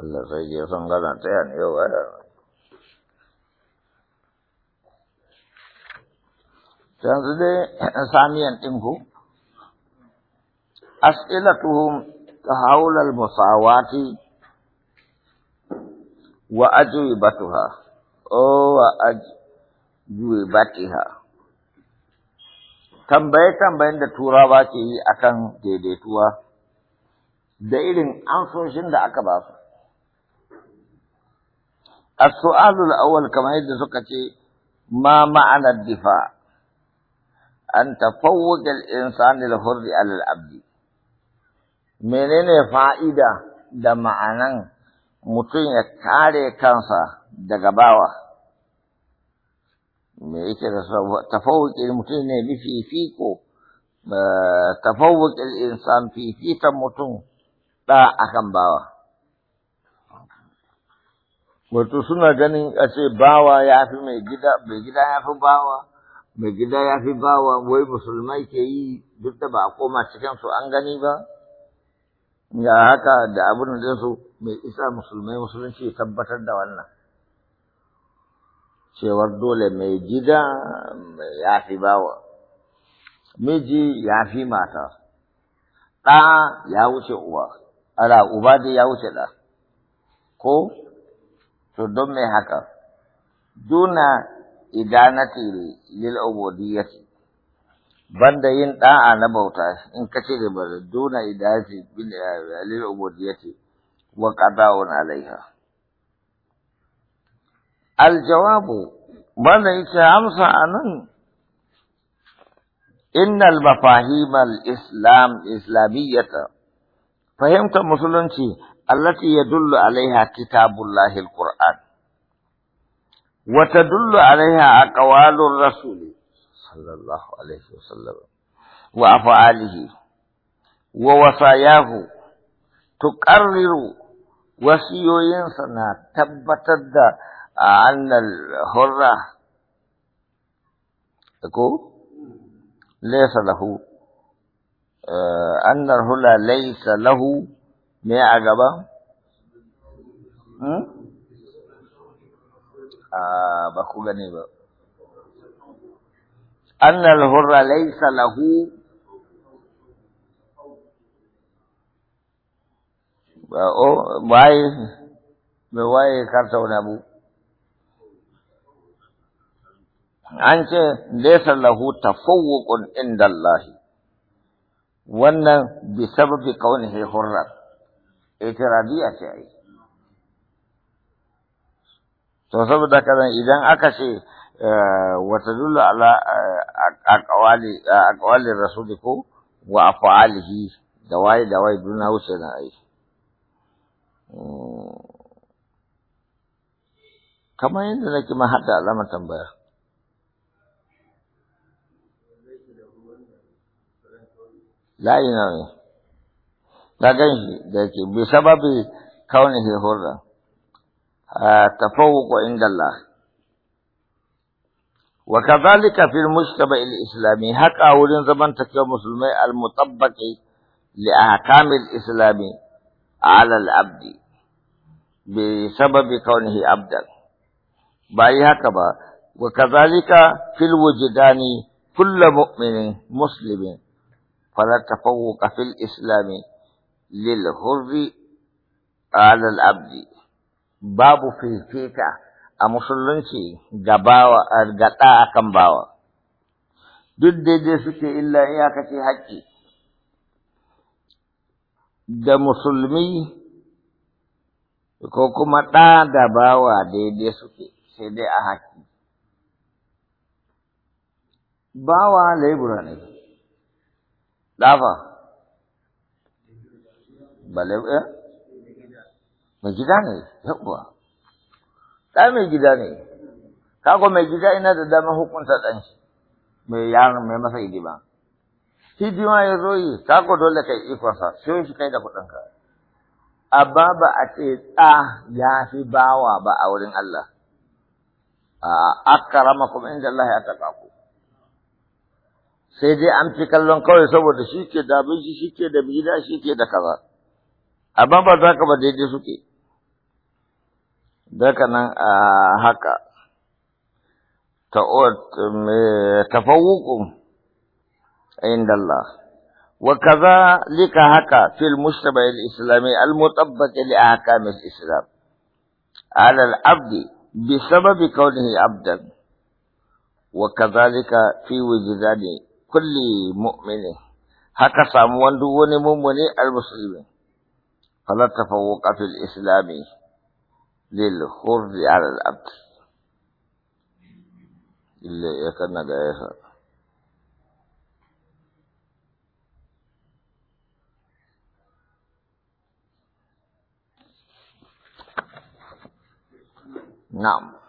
Allah sai ya san gana tsaya ne yau ya yanzu dai samiyan ɗin ku as'ilatuhum batuha o wa أو batiha tambaye-tambayen da turawa ke yi akan daidaituwa da irin amsoshin da aka ba su السؤال الأول كما ذكرتي ما معنى الدفاع أن تفوق الإنسان الحر على العبد menene fa'ida da ma'anan mutum ya kare kansa daga bawa me yake da mutum ne bi fifiko tafawuƙin insan fifikan mutum ɗa akan bawa wato suna ganin a ce bawa ya fi mai gida mai gida ya fi bawa mai gida ya fi bawa wai musulmai ke yi duk da ba a koma cikin su an gani ba ga haka da abin da su mai isa musulmai musulunci tabbatar da wannan cewar dole mai gida ya fi bawa miji ya fi mata ɗa ya wuce uwa ala uba da ya wuce ɗa ko to don me haka duna idanati lil ubudiyyati banda yin da'a na bauta in kace da bar duna idati eh, lil ubudiyyati wa qada'un alaiha al jawabu banda yace amsa anan innal المفاهيم الاسلام الاسلاميه fahimtar musulunci التي يدل عليها كتاب الله القرآن وتدل عليها أقوال الرسول صلى الله عليه وسلم وأفعاله ووصاياه تقرر وصيوين سنة تبتد عن الحرة ليس له آه، أن الحرة ليس له me a gaba? Hmm? A ah, ba ku gane ba. Annal hurra laisa lahu waye mai waye karta wani abu. An ce, laisa lahu tafawwuqun inda Allahi. Wannan bi sababi kaunihi hurrar. itiradiya ce ai to saboda kaza idan aka ce wata dullu ala aqwali aqwali rasuli ko wa afalihi da waye da waye duna wuce na ai kamar yadda nake ma hada alamar tambaya layi na ne لكن بسبب كونه حرا تفوق عند الله وكذلك في المجتمع الاسلامي هكا ولن زمن تكيو مسلمي المطبق لاحكام الاسلام على العبد بسبب كونه عبدا باي هكبا وكذلك في الوجدان كل مؤمن مسلم فلا تفوق في الاسلام lil hurri alal abdi babu fifita a musulunci ga bawa ɗa akan bawa duk daidai suke illa iyakace haƙƙi da musulmi ko kuma ɗa da bawa daidai suke sai dai a haƙƙi bawa laibura ne ɗafa balau ya eh? mai gida ne yawa ɗa mai gida ne kago mai gida ina da damar hukunta ɗan shi mai yaron mai masa hidima hidima ya zo yi kago dole kai ikonsa sai shi kai da ka amma ba a ce ɗa ya fi bawa ba a wurin Allah a kuma inda Allah ya taɓa ku sai dai an fi kallon kawai saboda shi ke da abinci shi ke da gida shi ke da kaza amma ba za ka ba daidai suke daga nan a haka tafawukun عند الله وكذلك هكا في المجتمع الإسلامي المطبق لأحكام الإسلام على العبد بسبب كونه عبدا وكذلك في وجدان كل مؤمن سامو وندو وني مؤمن المسلمين فلا تفوق في الإسلام للخرج على الأبد إلا يكن جائزا نعم